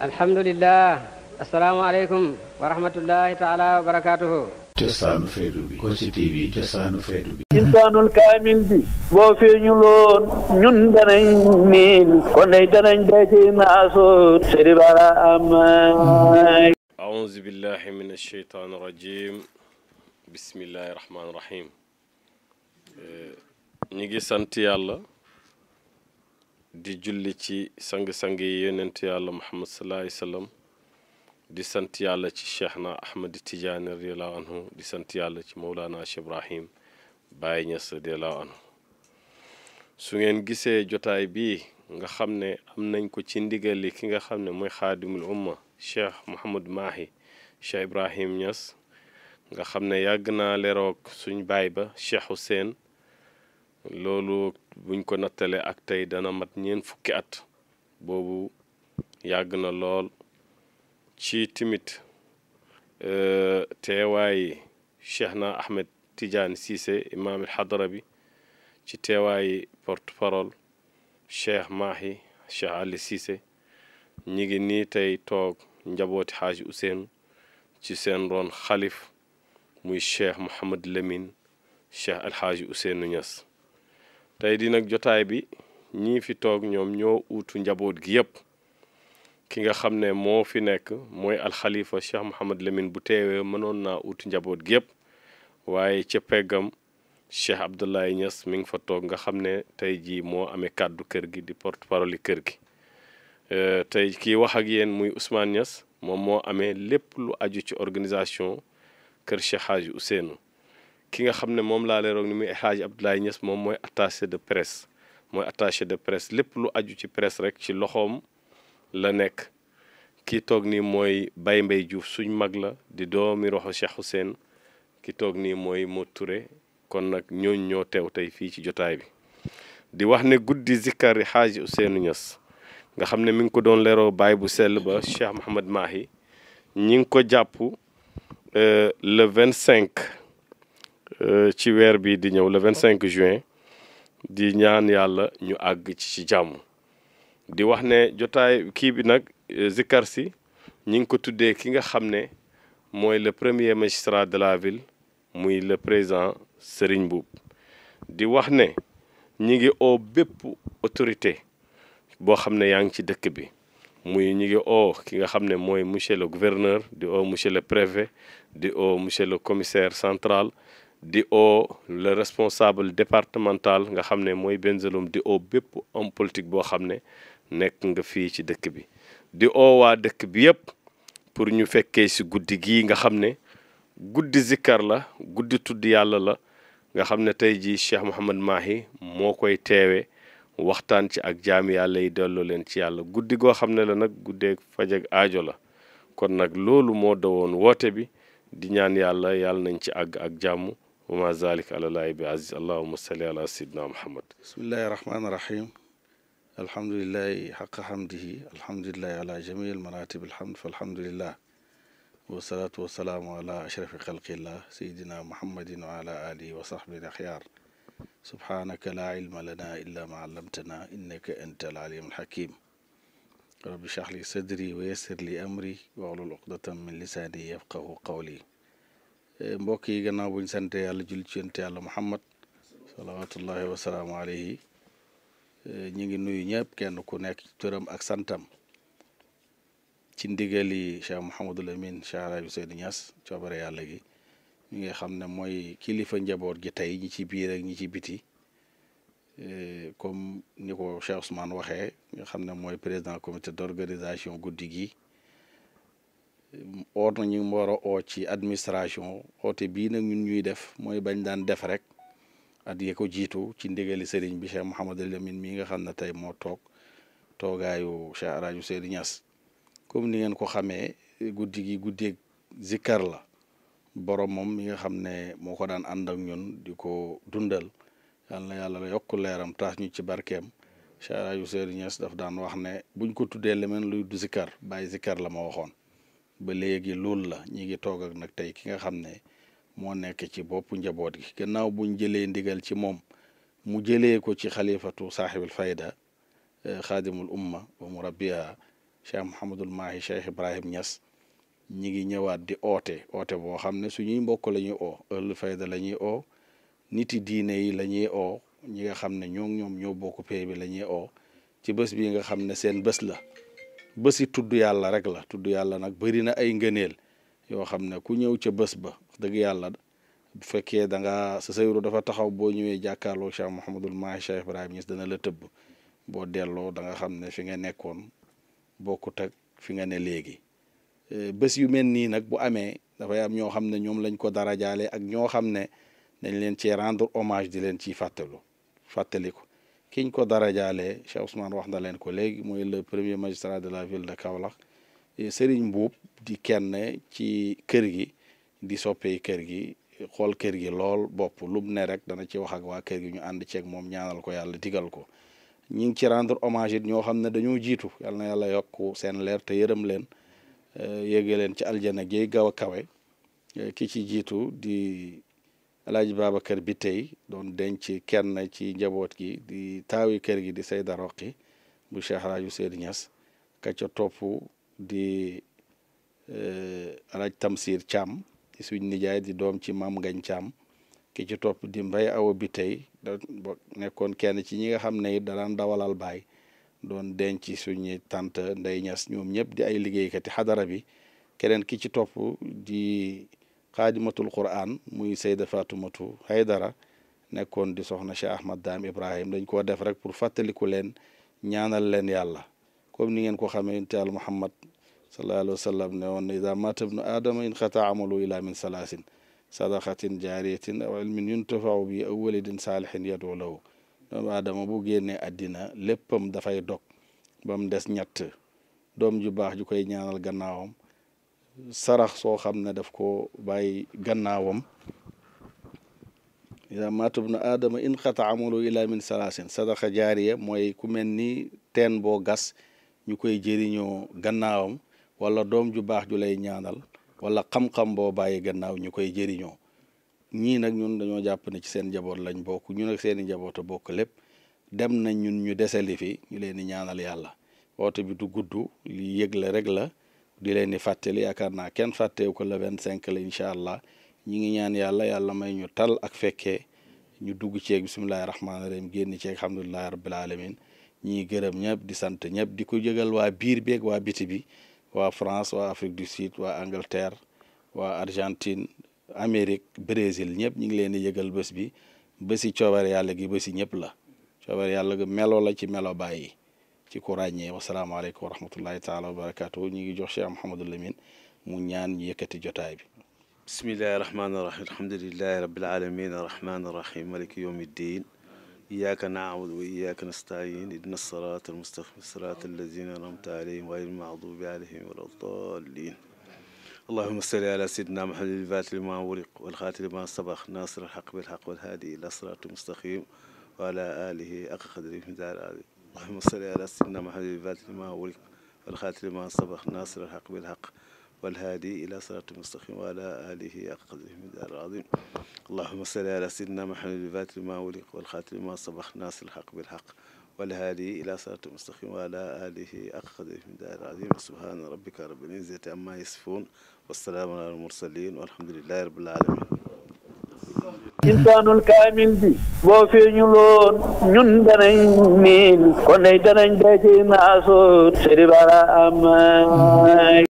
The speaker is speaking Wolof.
alhamdulilah asalaamaaleykum wa rahmatullahi taala wa barakaatuhu cosaanu feetu bi bi insaanul kaamil bi boo feeñuloon ñun danañ niil kon day danañ daje naasoon seri bara amaay aouzu billahi min alsheytaan rajim bismillahi rahmaani rahim eh, ñi ngi di julli ci sang-sang yi yonent yàlla muhammad sallallahu alayhi di sant yàlla ci cheikhna ahmadi tijaani radiallahu anhu di sant yàlla ci mawlaana cheikh ibrahim Baye su ngeen gisee jotaay bii nga xam ne am nañ ko ci ndigal li ki nga xam ne mooy xaadimul umma cheikh Mouhamad Mahi nga xam ne yàgg naa leroog suñ baay ba cheikh Hussein loolu buñ ko nattalee ak tey dana mat ñeen fukki at boobu yàgg na lool ci timit e, teewaayi Cheikhna Ahmed Tidiane Cissé imam al bi ci teewaayi porte-parole Cheikh Mahi Cheikh Ali Cissé ñi ngi nii tey toog njabooti xaaji Ousseynou ci seen roon xalif muy Cheikh Mouhamad Lamine Cheikh Alxaaji Ousseynou Niass tey di nag jotaay bi ñii fi toog ñoom ñoo uutu njaboot gi yépp ki nga xam ne moo fi nekk mooy alxalifa Cheikh Mouhamad Lamine bu teewee mënoon na uutu njaboot gi yépp waaye ca peggam Cheikh Abdoulaye Niass mi ngi fa toog nga xam ne tey jii moo amee kàddu kër gi di porte parole kër gi euh, tey kii wax ak yéen muy Ousmane Niass moom moo amee lépp lu aju ci organisation kër Cheikh Hadji Ousseynou ki nga xam ne moom laa leen roog ni muy El Hadji Abdoulaye Niass moom mooy attaché de presse mooy attaché de presse lépp lu aju ci presse rek ci loxoom la nekk kii toog nii mooy bay mbay juuf suñ mag la di doomi roxo Cheikh Ousseyn ki toog nii mooy Mo Touré kon nag ñooñu ñoo teew tey fii ci jotaay bi di wax ne guddi zikkar xaaj Hadji Ousseynou Niass nga xam ne mi ngi ko doon leeroo baay bu sell ba Cheikh Mouhamad Mahi ñi ngi ko jàpp euh, le cinq Euh, ci weer bi di ñëw le 25 juin di ñaan yàlla ñu àgg ci ci jàmm di wax ne jotaay kii bi nag euh, zikkar ñi ngi ko tuddee ki nga xam ne mooy le premier magistrat de la ville muy le président Serigne Mboup di wax ne ñi ngi oo bépp autorité boo xam ne yaa ngi ci dëkk bi muy ñi ngi oo ki nga xam ne mooy monsieur le gouverneur di oo monsieur le préfet di oo monsieur le commissaire central di o le responsable départemental nga xam ne mooy benn Bengelloune di oo bépp homme politique boo xam ne nekk nga fii ci dëkk bi di oo waa dëkk bi yëpp pour ñu fekkee si guddi gii nga xam ne guddi zikkar la guddi tudd yàlla la nga xam ne tey jii Cheikh Mouhamad Mahi moo koy teewe waxtaan ci ak jaam yàlla yi delloo leen ci yàlla guddi goo xam ne la nag guddeeg faj aajo la kon nag loolu moo dawoon woote bi di ñaan yàlla yàlla nañ ci àgg ak jàmm وما ذلك على لايب عزيز اللهم صل على سيدنا محمد بسم الله الرحمن الرحيم الحمد لله حق حمده الحمد لله على جميع مراتب الحمد فالحمد لله والصلاة والسلام على أشرف خلق الله سيدنا محمد وعلى آله وصحبه الأخيار سبحانك لا علم لنا إلا ما علمتنا إنك أنت العليم الحكيم رب اشرح لي صدري ويسر لي أمري واغلل عقدة من لساني يفقه قولي Eh, mbokk yi gannaaw buñ sante yàlla julli ci yonent yàlla muhammad salawaatullahi wasalaamu alayhi eh, ñu ngi nuyu ñëpp kenn ku nekk ci turam ak santam ci ndigal yi cheikh mouhamadul amin cheikh rabi seydi ñas coobare yàlla gi ñi nga xam ne mooy kilifa njaboot gi tey ñi ci biir ak ñi ci biti eh, comme ni ko cheikh ousmane waxee nga xam ne mooy président comité d'organisation guddi gi oot na ñu ngi war a oo ci administration oote bii nag ñun ñuy def mooy bañ daan def rek at yee ko jiitu ci ndigali sëriñ bi Cheikh Mouhamadul Lamine mii nga xam ne tey moo toog toogaayu Cheikh El Hadj Seydou comme ni ngeen ko xamee guddi gi guddeeg zikkar la borom moom mi nga xam ne moo ko daan ànd ak ñun di ko dundal yàlla na yàlla yokk leeram taas ñu ci barkem Cheikh El Hadj Seydou daf daan wax ne buñ ko tuddee lemeen lu du zikkar bàyyi zikkar la ma waxoon. ba léegi loolu la ñi ngi toog nag tey ki nga xam ne moo nekk ci boppu njaboot gi gannaaw buñ jëlee ndigal ci moom mu jëlee ko ci xalifatu saaxibul fayda eh, xaadimul umma wa mu rabbiha cheikh Mouhamadul Mahi cheikh Ibrahim Niass ñi ngi ñëwaat di oote oote boo xam ne suñuy mbokk la ñuy oo ëllëg fayda la oo niti diine yi la ñuy oo ñi nga xam ne ñoo ñoom ñoo bokk pay bi la ñuy oo ci bés bi nga xam ne seen bés la. ba si tudd yàlla rek la tudd yàlla nag bëri na ay ngëneel yoo xam ne ku ñëw ca bës ba dëgg yàlla bu fekkee danga nga sa sayru dafa taxaw boo ñëwee jàkkaarloo Cheikh Mouhamadul Mahi Cheikh Ibrahim Niass dana la tëbb boo delloo da nga xam ne fi nga nekkoon bokkut ak fi nga ne léegi eh, bés yu mel nii nag bu amee dafay am ñoo xam ne ñoom lañ ko darajaale ak ñoo xam ne nañ leen ci rendre hommage di leen ciy fàttalu fàttaliku kiñ ko darajaalee Cheikh Ousmane wax na leen ko léegi mooy le premier magistrat de la ville de Kaolack Serigne Mbuub di kenn ci kër gi di soppee kër gi xool kër gi lool bopp lum ne rek dana ci wax ak waa kër gi ñu ànd ceeg moom ñaanal ko yàlla digal ko ñi ngi ci rendre hommage ñoo xam ne dañoo jiitu yal na yàlla yokk seen leer te yërëm leen euh, yéege leen ci aljana gi gaw a kawe euh, ki ci jiitu di alaaji Babacar bi tey doon denc kenn ci njaboot gi di taawi kër gi di Seyda Roqi bu Cheikh Alaaji Seydi Ñas ka ca topp di eh, alaaj Tamsir Thiam di suñ nijaay di doom ci maam Ngañ Thiam ki ci topp di mbay awo bi tey nekkoon kenn ci ñi nga xam ne it daan dawalal baay doon denc suñ tante Ndey Ñas ñoom ñëpp di ay liggéeykati xadara bi keneen ki ci topp di xaadimatul quran muy sayda fatumatu haydara nekkoon di soxna Cheikh Ahmad Daam Ibrahim dañ koo def rek pour fàttaliku leen ñaanal leen yàlla comme ni ngeen ko xamee yonent Yàlla Muhammad sallallahu alayhi wa sallam ne woon na ida mata in xata amalu ila min salaasin sadaqatin jaariyatin aw ilmin yuntafau bi aw walidin saalihin yadoo lahu bu génnee àddina léppam dafay dog ba mu des ñett doom ju baax ju koy ñaanal gannaawam sarax soo xam ne def ko bàyyi gannaawam ida maata bnu aadama in xata amalu ila min salaasin sadaqa jaariya mooy ku mel ni teen boo gas ñu koy jëriñoo gannaawam walla doom ju baax ju lay ñaanal walla xam-xam boo bàyyi gannaaw ñu koy jëriñoo ñii nag ñun dañoo jàpp ne ci seen njaboot lañ bokk ñun ak seen njaboot a bokk lépp dem nañ ñun ñu deseli fi ñu leen di ñaanal yàlla woote bi du gudd li yëg rek la di leen di fàttali yaakaar naa kenn fàttewu ko le vingt cinq la incha allah ñi ngi ñaan yàlla yàlla may ñu tal ak fekkee ñu dugg ceeg bisimilahi rahmaani rahim génn ceeg alhamdulilahi rabbil alamin ñi gërëm ñëpp di sant ñëpp di ko jëgal waa biir beeg waa biti bi waa France waa Afrique du Sud waa Angleterre waa Argentine Amérique Brésil ñëpp ñi ngi leen di yëgal bés bi bési coobare gi bési ñëpp la coobare yàlla gi melo la ci melo bàyyi ci ku salaamu alaykum wa rahmatullahi taala wa barakatuh ñi ngi jox Cheikh mohammed Lamine mu ñaan ñu yëkëti jotaay bi bismillahir rahmanir rahim alhamdulillahi rabbil alamin arrahmanir rahim maliki yawmiddin iyyaka na'budu wa iyyaka nasta'in ihdinas siratal mustaqim siratal ladzina an'amta alayhim ghayril maghdubi alayhim waladdallin اللهم صل على سيدنا محمد الفاتح لما ورق والخاتم لما سبق ناصر الحق بالحق والهادي الى صراط مستقيم وعلى اله اقى قدره من دار آله اللهم صل على سيدنا محمد الفاتح لما ولك والخاتم لما سبق ناصر الحق بالحق والهادي إلى صراط المستقيم وعلى آله أقضيه من دار العظيم اللهم صل على سيدنا محمد الفاتح لما ولك والخاتم لما سبق ناصر الحق بالحق والهادي إلى صراط المستقيم وعلى آله أقضيه من دار العظيم سبحان ربك رب العزة عما يصفون والسلام على المرسلين والحمد لله رب العالمين insaanul kaamil bi boo feeñuloon ñun danañ miin kon day danañ daje naasoon sëriñ Bara am